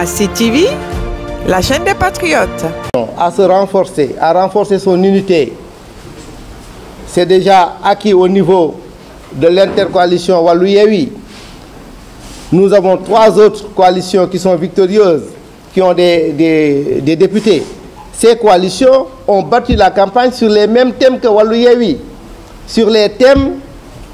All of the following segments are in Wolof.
à CTV, la chaîne des patriotes. À se renforcer, à renforcer son unité, c'est déjà acquis au niveau de l'intercoalition Walou-Yéwi. Nous avons trois autres coalitions qui sont victorieuses, qui ont des, des, des députés. Ces coalitions ont battu la campagne sur les mêmes thèmes que Walou-Yéwi, sur les thèmes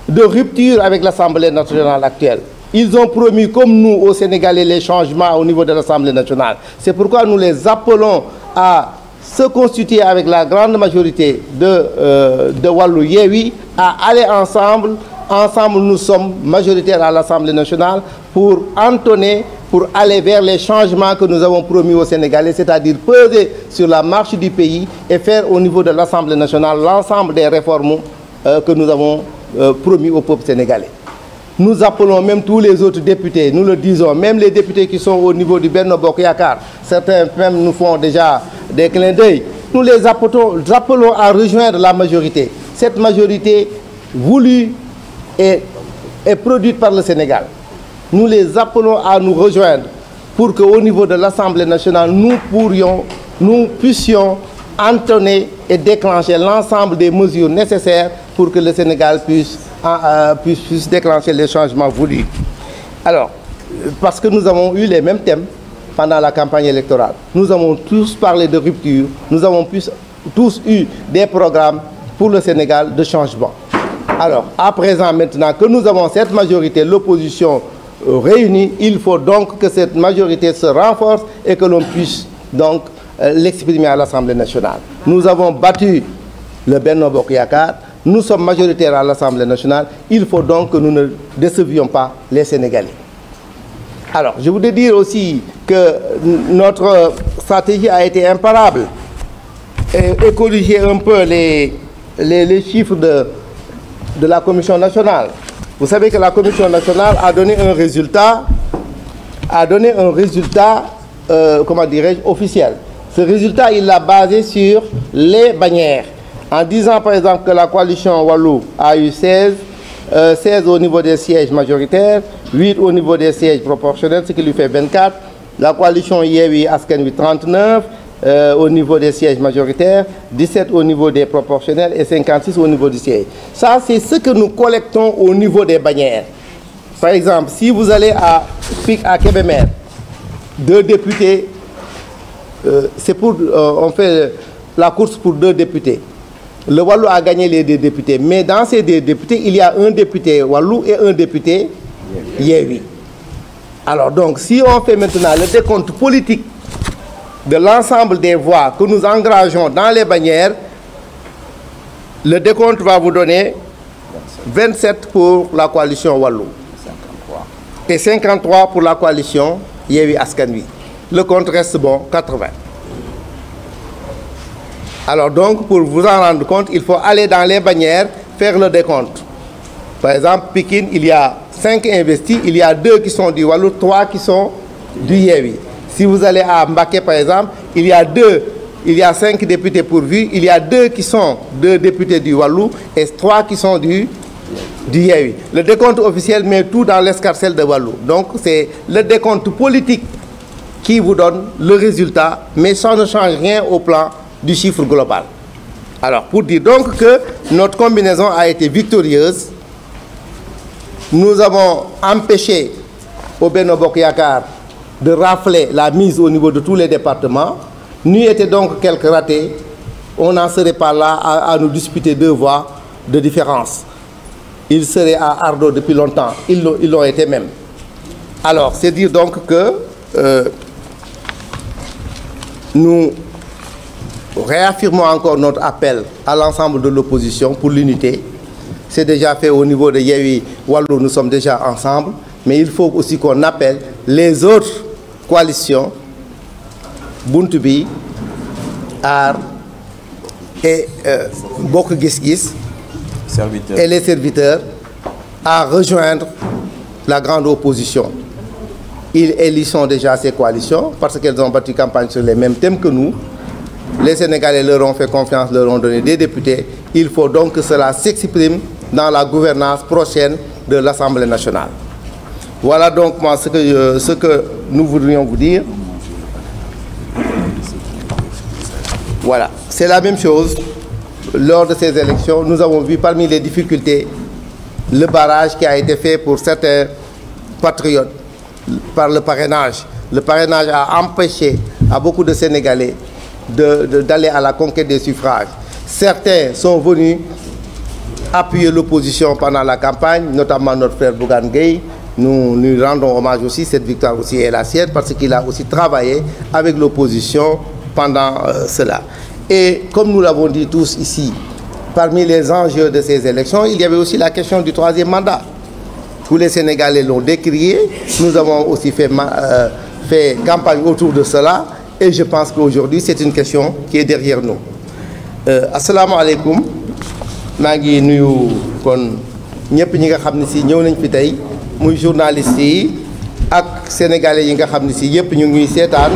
de rupture avec l'Assemblée nationale actuelle. Ils ont promis, comme nous, au Sénégalais, les changements au niveau de l'Assemblée nationale. C'est pourquoi nous les appelons à se constituer avec la grande majorité de, euh, de Wallou Yewi, à aller ensemble. Ensemble, nous sommes majoritaires à l'Assemblée nationale pour entonner, pour aller vers les changements que nous avons promis aux Sénégalais, c'est-à-dire peser sur la marché du pays et faire au niveau de l'Assemblée nationale l'ensemble des réformes euh, que nous avons euh, promis au Nous appelons même tous les autres députés, nous le disons, même les députés qui sont au niveau du Benno Yakar, certains même nous font déjà des clins d'œil, nous les appelons, appelons à rejoindre la majorité. Cette majorité voulue et, et produite par le Sénégal. Nous les appelons à nous rejoindre pour que au niveau de l'Assemblée nationale, nous pourrions, nous puissions entonner et déclencher l'ensemble des mesures nécessaires pour que le Sénégal puisse puisse, puisse déclencher les changement voulus. parce que nous avons eu les mêmes thèmes pendant la campagne électorale. Nous avons tous parlé de rupture, nous avons tous eu des programmes pour le Sénégal de changement. Alors, à présent, maintenant que nous avons cette majorité, l'opposition euh, il faut donc que cette majorité se renforce et que l'on puisse donc euh, l'exprimer à l'Assemblée nationale. Nous avons battu le Benno Bokyakar, Nous sommes majoritaires à l'Assemblée nationale. Il faut donc que nous ne décevions pas les Sénégalais. Alors, je voudrais dire aussi que notre stratégie a été imparable. Et, corriger un peu les, les, les chiffres de, de la Commission nationale. Vous savez que la Commission nationale a donné un résultat, a donné un résultat, euh, comment dirais-je, officiel. Ce résultat, il l'a basé sur les bannières. En disant par exemple que la coalition Wallou a eu euh, niveau des sièges majoritaires, 8 au niveau des sièges proportionnels, ce qui lui fait 24. La coalition Yewi Askenwi 39 euh, au niveau des sièges majoritaires, 17 au niveau des proportionnels et 56 au niveau du siège. Ça, c'est ce que au niveau des bannières. Par exemple, si vous allez à PIC à Québec, deux députés, euh, pour, euh, on fait la pour deux députés. le Wallou a gagné les deux députés mais dans ces deux députés il y a un député Wallou et un député Yewwi alors donc si on fait maintenant le décompte politique de l'ensemble des voix que nous engrangeons dans les bannières le décompte va vous donner 27 pour la coalition Wallou et 53 pour la coalition Yewwi Askan Wi le compte reste bon 80 Alors donc, pour vous en rendre compte, il faut aller dans les bannières, faire le décompte. Par exemple, Pékin, il y a 5 investis, il y a 2 qui sont du Wallou, 3 qui sont du Yévi. Si vous allez à Mbaké, par exemple, il y a 2, il a 5 députés pourvus, il y a 2 qui sont 2 députés du Wallou et 3 qui sont du, du Le décompte officiel met tout dans l'escarcelle de Wallou. Donc, c'est le décompte politique qui vous donne le résultat, mais ça ne change rien au plan du chiffre global. Alors, pour dire donc que notre combinaison a été victorieuse, nous avons empêché au Benobok Yakar de rafler la mise au niveau de tous les départements. Nous était donc quelques ratés, on n'en serait pas là à, à, nous disputer deux voix de différence. Ils seraient à Ardo depuis longtemps, ils l'ont été même. Alors, c'est dire donc que euh, nous réaffirmons encore notre appel à l'ensemble de l'opposition pour l'unité. C'est déjà fait au niveau de Yewi Wallou, nous sommes déjà ensemble, mais il faut aussi qu'on appelle les autres coalitions, Buntubi, AR et euh, Bok Gisgis, et les serviteurs, à rejoindre la grande opposition. Ils élissent déjà ces coalitions parce qu'elles ont battu campagne sur les mêmes thèmes que nous. Les Sénégalais leur ont fait confiance, leur ont donné des députés. Il faut donc que cela s'exprime dans la gouvernance prochaine de l'Assemblée nationale. Voilà donc moi ce que, euh, ce que nous voudrions vous dire. c'est la même chose. Lors de ces élections, nous avons vu parmi les difficultés le barrage qui a été fait pour certains patriotes par le parrainage. Le parrainage a empêché à beaucoup de Sénégalais d'aller de, de, à la conquête des suffrages. Certains sont venus appuyer l'opposition pendant la campagne, notamment notre frère Bougan Gay. Nous lui rendons hommage aussi, cette victoire aussi est la sienne, parce qu'il a aussi travaillé avec l'opposition pendant euh, cela. Et comme nous l'avons dit tous ici, parmi les enjeux de ces élections, il y avait aussi la question du troisième mandat. Tous les Sénégalais l'ont décrié, nous avons aussi fait, euh, fait campagne autour de cela. Et je pense que qu'aujourd'hui, c'est une question qui est derrière nous. Euh, asalaamaaleykum maa ngi nuyu kon ñëpp ñi nga xam ne si ñëw nañ fi tey muy journaliste yi ak sénégalais yi nga xam ne si yëpp ñu ngi seetaan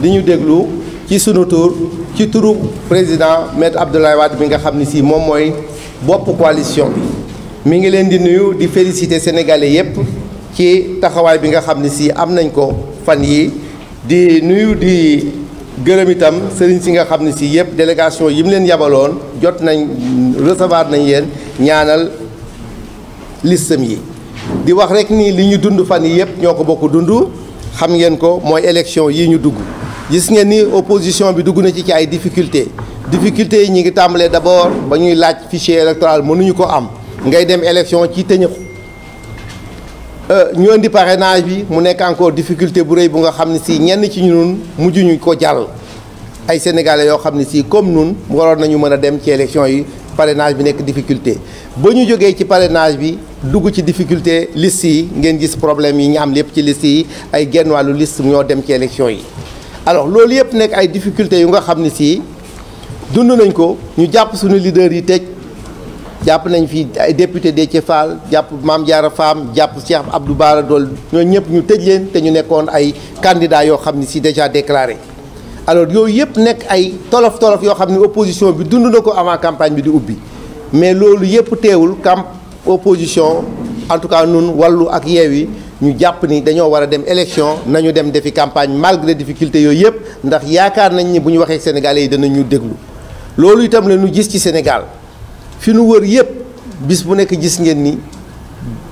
di ñu déglu ci sunu tur ci turu président maître Abdoulaye Wade bi nga xam ne si moom mooy bopp coalition bi. mu ngi leen di nuyu di féliciter sénégalais yëpp ci taxawaay bi nga xam ne si am nañ ko fan yi di nuyu di gërëm itam sëriñ si nga xam ne si yëpp délégation yi mu leen yabaloon jot nañ recevoir nañ yéen ñaanal listam yi di wax rek ni li ñu dund fan yi yëpp ñoo ko bokk dund xam ngeen ko mooy élection yi ñu dugg gis ngeen ni opposition bi dugg na ci ci ay difficulté difficulté yi ñu ngi tàmbalee d'abord ba ñuy laaj fichier électoral mënuñu ko am ngay dem élection ci tëñëxu Euh, ñoo indi parrainage bi mu nekk encore difficulté bu rëy bu nga xam ne si ñenn ci ñun mujj ñu ko jàll ay sénégalais yoo xam ne si comme nun waroon nañu mën a dem ci élection yi parrainage bi nekk difficulté ba ñu jógee ci parrainage bi dugg ci difficulté liste yi ngeen gis problème yi ñu am lépp ci liste yi ay genn wàllu liste ñoo dem ci élection yi alors loolu yëpp nekk ay difficulté yu nga xam ne sii dund nañ ko ñu jàpp suñu leader yi tëj jàpp nañ fi ay député Déthié Fall jàpp maam jaara Fam jàpp Cheikh Abdou Bara dool ñooñu ñëpp ñu tëj leen te ñu nekkoon ay candidats yoo xam ni si déjà déclaré alors yooyu yëpp nekk ay tolof tolof yoo xam ne opposition bi dund na ko avant campagne bi di ubbi mais loolu yëpp teewul camp opposition en tout cas nun wàllu ak Yewwi ñu jàpp ni dañoo war a dem élection nañu dem defi campagne malgré difficulté yooyu yëpp ndax yaakaar nañ ni bu ñu waxee sénégalais yi danañu déglu loolu itam la ñu gis ci Sénégal fi nu wër yépp bis bu nekk gis ngeen nii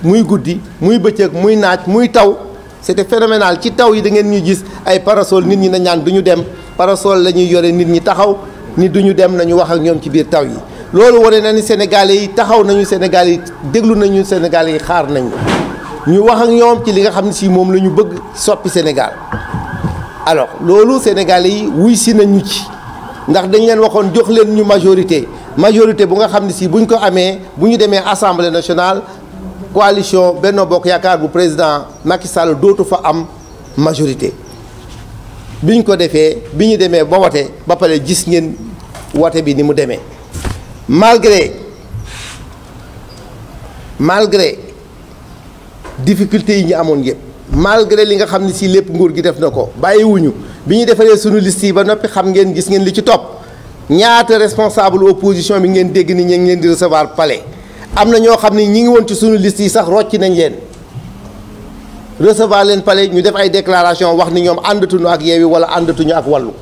muy guddi muy bëccëg muy naaj muy taw c'était phénoménal ci taw yi da ngeen ñu gis ay parasol nit ñi na ñaan du ñu dem parasol la ñuy yore nit ñi taxaw ni du ñu dem nañu wax ak ñoom ci biir taw yi loolu wane na ni sénégalais yi taxaw nañu sénégalais yi déglu nañu sénégalais yi xaar nañu ñu wax ak ñoom ci li nga xam ne si moom la ñu bëgg soppi Sénégal alors loolu sénégalais yi wuy si nañu ci ndax dañ leen waxoon jox leen ñu majorité majorité bu nga xam ne si bu ñu ko amee bu ñu demee assemblée nationale coalition benn Bokk Yaakaar bu président Macky Sall dootu fa am majorité biñ ko defee bi ñu demee ba wote ba pare gis ngeen wote bi ni mu demee malgré malgré difficulté yi ñu amoon yëpp malgré li nga xam ne sii lépp nguur gi def na ko bàyyiwuñu bi ñu defaree suñu liste yi ba noppi xam ngeen gis ngeen li ci topp ñaata responsable opposition bi ngeen dégg ni ñu ngi leen di recevoir pale am na ñoo xam ne ñi ngi woon ci suñu liste yi sax rocci nañ leen recevoir leen pale ñu def ay déclaration wax ni ñoom àndatuñu ak Yewwi wala àndatuñu ak Wallu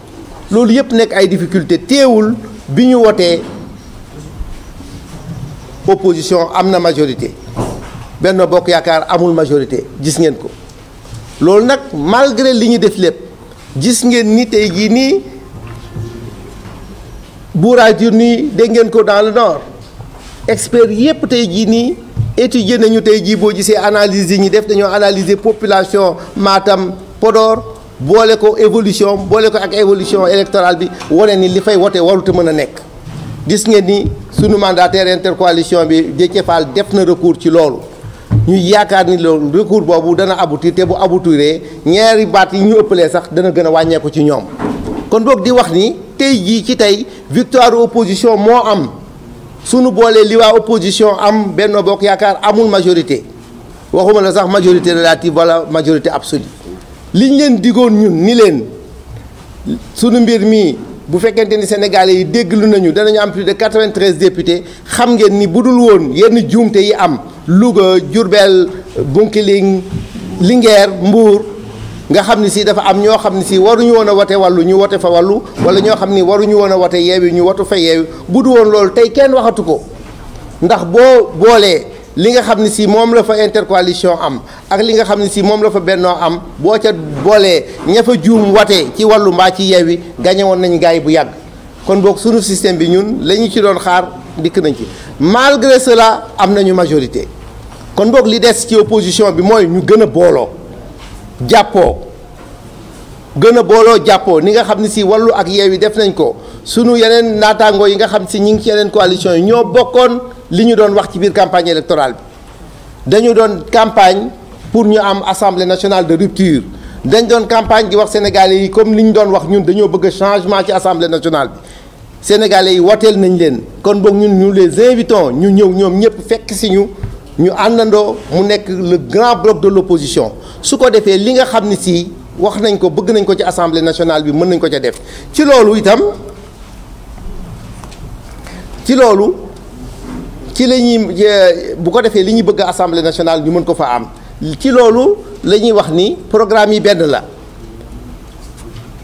loolu yëpp nekk ay difficulté teewul bi ñu wotee opposition am na majorité benn Bokk Yaakaar amul majorité gis ngeen ko loolu nag malgré li ñu def lépp gis ngeen ni tey jii nii Bouradieu nii dégg ngeen ko dans le nord expert yépp tey jii nii étudier nañu tey jii boo gisee analyse yi ñu def dañoo analyser population Matam Podor boole ko évolution boole ko ak évolution électorale bi wane ni li fay wote warut a mën a nekk gis ngeen ni sunu mandataire intercoalition bi Déthié Fall def na recours ci loolu. ñu yaakaar ni loolu recours boobu dana aboutir te bu aboutiree ñaari baat yi ñu ëppalee sax dana gën a wàññeeku ci ñoom kon boog di wax ni tey jii ci tey victoire opposition moo am sunu boolee li waa opposition am benn Bokk Yaakaar amul majorité waxuma la sax majorité relative wala majorité absolue liñ leen digoon ñun ni leen sunu mbir mii bu fekkente ni Sénégalais yi dégglu nañu danañu am plus de 93 députés xam ngeen ni bu dul woon yenn juumte yi am Louga Diourbel Bounkiling Linguère Mbour nga xam ni si dafa am ñoo xam ne si waruñu woon a wote wàllu ñu wote fa wàllu wala ñoo xam ni waruñu woon a wote yeewi ñu wotu fa yeewi bu du woon loolu tey kenn waxatu ko ndax boo boolee li nga xam ne si moom la fa intercoalition am ak li nga xam ne si moom la fa bennoo am boo ca boolee ña fa juum watee ci wàllu mbaa ci yeewi gañe woon nañu gars yi bu yàgg kon book sunu système bi ñun lañu ci doon xaar dikk nañ ci malgré la am nañu majorité kon boog li des ci opposition bi mooy ñu gën a booloo jàppoo gën a booloo jàppoo ni nga xam ne si wàllu ak yeew yi def nañ ko sunu yeneen naataangoo yi nga xam si ñi ngi ci yeneen coalition yi ñoo bokkoon li ñu doon wax ci biir campagne électorale bi dañu doon campagne pour ñu am assemblée nationale de rupture dañ doon campagne di wax sénégalais yi comme li ñu doon wax ñun dañoo bëgg changement ci assemblée nationale bi sénégalais yi woteel nañ leen kon boog ñun ñu les invitons ñu ñëw ñoom ñëpp fekk si ñu ñu àndandoo mu nekk le grand bloc de l'opposition su ko defee li nga xam ne si wax nañ ko bëgg nañ ko ci assemblée nationale bi mën nañ ko ca def ci loolu itam ci loolu ci la ñuy bu ko defee li ñu bëgg assemblée nationale ñu mën ko fa am ci loolu la ñuy wax ni programme yi benn la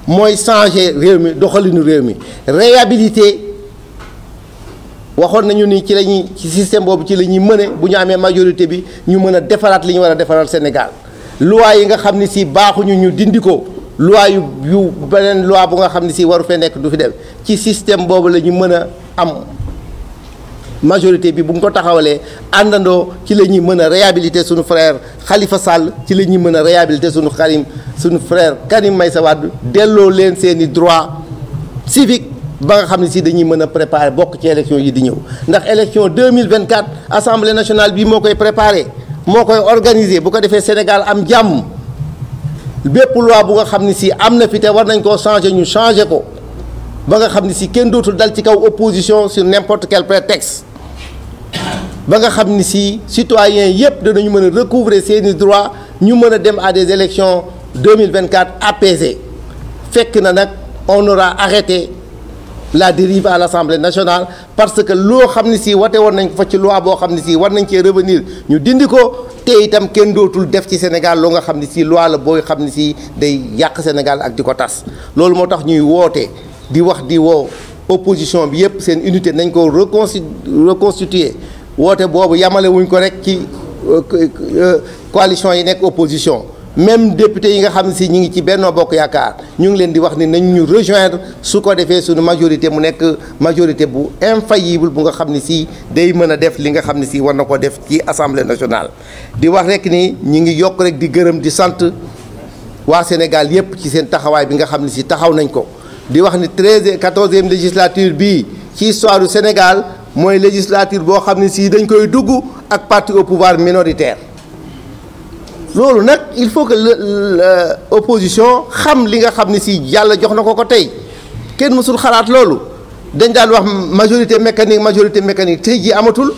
mooy changer réew mi doxalinu réew mi réhabilité waxoon nañu ni ci lañuy ci système boobu ci la ñuy mëne bu ñu amee majorité bi ñu mën a defaraat li ñu war a defaral Sénégal loi yi nga xam ni si baaxuñu ñu dindi ko loi yu yu beneen loi bu nga xam ni si waru fee nekk du fi dem ci système boobu la ñu mën a am majorité bi bu ñu ko taxawalee àndandoo ci la ñuy mën a réhabiliter suñu frère Khalifa sàll ci la ñuy mën a réhabiliter suñu Karim suñu frère may sa Wade delloo leen seen i droit civique ba nga xam ne si dañuy mën a préparer bokk ci élection yi di ñëw ndax élection 2024 assemblée nationale bi moo koy préparer moo koy organiser bu ko defee Sénégal am jàmm bépp loi bu nga xam ne si am na fi te war nañ koo changer ñu changer ko ba nga xam ne si kenn dootul dal ci kaw opposition sur n'importe quel prétexte ba nga xam ni si citoyens yëpp danañu mën a recouvrer seeni droit ñu mën a dem à des élections 2024 apaisées fekk na nag on aura arrêté la dérive à l'Assemblée nationale parce que loo xam ne si wate war nañ ko fa ci loi boo xam ne sii war nañ cee revenir ñu dindi ko te itam kenn dootul def ci Sénégal loo nga xam ne si loi la booy xam ne si day yàq Sénégal ak di ko tas loolu moo tax ñuy woote di wax di woo opposition bi yépp seen unité nañ ko reconstituer woote boobu yamale ko rek ci euh, euh, coalition yi nekk opposition même député yi nga xam si ñu ngi ci Benno Bokk Yaakaar ñu ngi leen di wax ni nañ ñu rejoindre su ko defee suñu majorité mu nekk majorité bu infaillible bu nga xam ne si day mën a def li nga xam ne si war na ko def ci assemblée nationale. di wax rek ni ñu ngi yokk rek di gërëm di sant waa Sénégal yépp ci seen taxawaay bi nga xam ne si taxaw nañ ko di wax ni treize quatorzième législature bii ci histoire du Sénégal. mooy législature boo xam ne sii dañ koy dugg ak parti au pouvoir minoritaire loolu nag il faut que l'opposition xam li nga xam ne si yàlla jox na ko ko tey kenn mësul xalaat loolu dañ daan wax majorité mécanique majorité mécanique tey jii amatul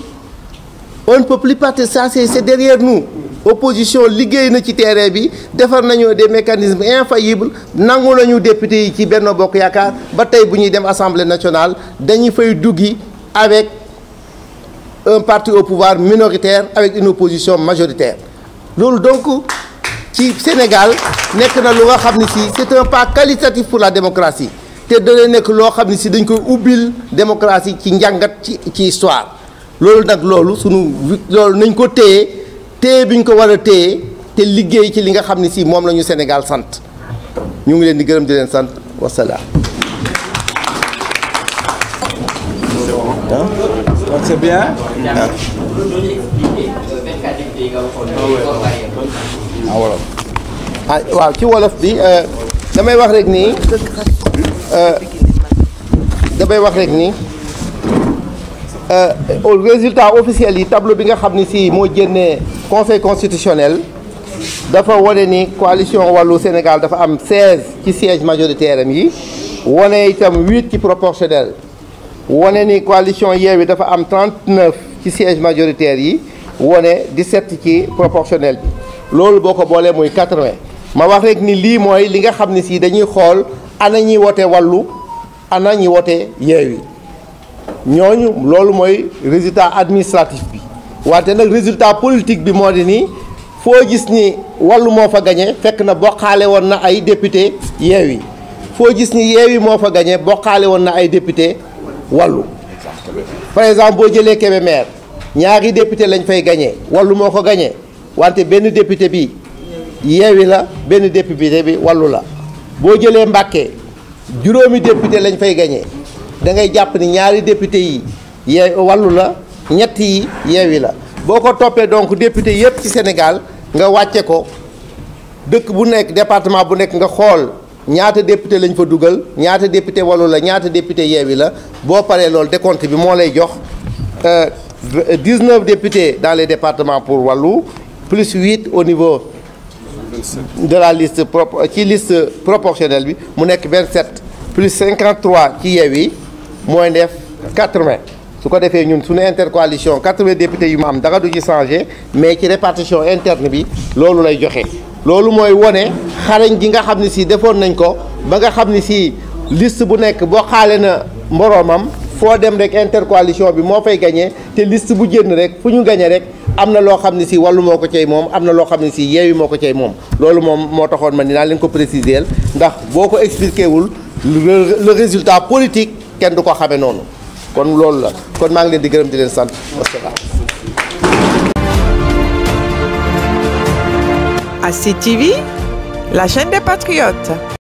on ne peut plus partir ça c'est c'est derrière nous opposition liggéey na ci terrain bi defar nañu des mécanismes infaillibles nangu nañu député yi ci benn Bokk Yaakaar ba tey bu ñuy dem assemblée nationale dañuy fay duggi avec un parti au pouvoir minoritaire avec une opposition majoritaire loolu donc ci Sénégal nekk na lu nga xam ne si c'est un pas qualitatif pour la démocratie te dana nekk loo xam ne si dañ koy ubbil démocratie ci njàngat ci ci histoire loolu nag loolu sunu loolu nañ ko téye téye bi ñu ko war a téye te liggéey ci li nga xam ne si moom la ñu Sénégal sant ñu ngi leen di gërëm di leen sant wasalaam. c'est bien. waaw. Ah, ah, waaw ci wolof bi euh, damay wax rek nii euh, damay wax rek nii euh, résultat officiel yi tableau bi nga xam ni si moo génnee conseil constitutionnel dafa wane ni coalition wàllu Sénégal dafa am 16 ci siège majoritaire am yi wane itam 8 ci proportionnel. wone ni coalition yi dafa am 39 ci siège majoritaire yi wone 17 ci proportionnel bi loolu boo ko boolee muy 80 ma wax rek ni lii mooy li nga xam ne sii dañuy xool ana ñi wote wàllu ana ñi wote yi ñooñu loolu mooy résultat administratif bi wante nag résultat politique bi moo di nii foo gis ni wàllu moo fa gañe fekk na bokkaale woon na ay député yi foo gis ni yi moo fa gañe bokkaale woon na ay député wàllu par exemple boo jëlee Kébémer ñaari député lañ fay gagné wàllu moo ko gañe wante benn député bi yeewi la benn député bi wàllu la boo jëlee Mbàkke juróomi député lañ fay gagné da ngay jàpp ni ñaari député yi yee wàllu la ñett yi yeewi la boo ko toppee donc député yépp ci Sénégal nga wàcce ko dëkk bu nekk département bu nekk nga xool ñaata député lañ fa dugal ñaata député walu la ñaata député yeewi la boo paree loolu décompte bi moo lay jox 19 euh, députés dans les départements pour wàllu plus 8 au niveau de la liste pro ci liste proportionnelle bi mu nekk 27 plus 53 ci yi mooy def 80 su ko defee ñun suñu intercoalition 80 député yu mu am dara du ci changé mais ci répartition interne bi loolu lay joxe. loolu mooy wone xarañ gi nga xam ne sii defoon nañ ko ba nga xam ne si liste bu nekk boo xaale na moroomam foo dem rek intercoalition bi moo fay gañee te liste bu jënn rek fu ñu gañe rek am na loo xam ne si wàllu moo ko cay moom am na loo xam ne si yeewi moo ko cay moom loolu moom moo taxoon ma ni naa leen ko préciser ndax boo ko expliqué wul le résultat politique kenn du ko xame noonu kon loolu la kon maa ngi leen di gërëm di leen sant wasalaam à CTV, la chaîne des patriotes.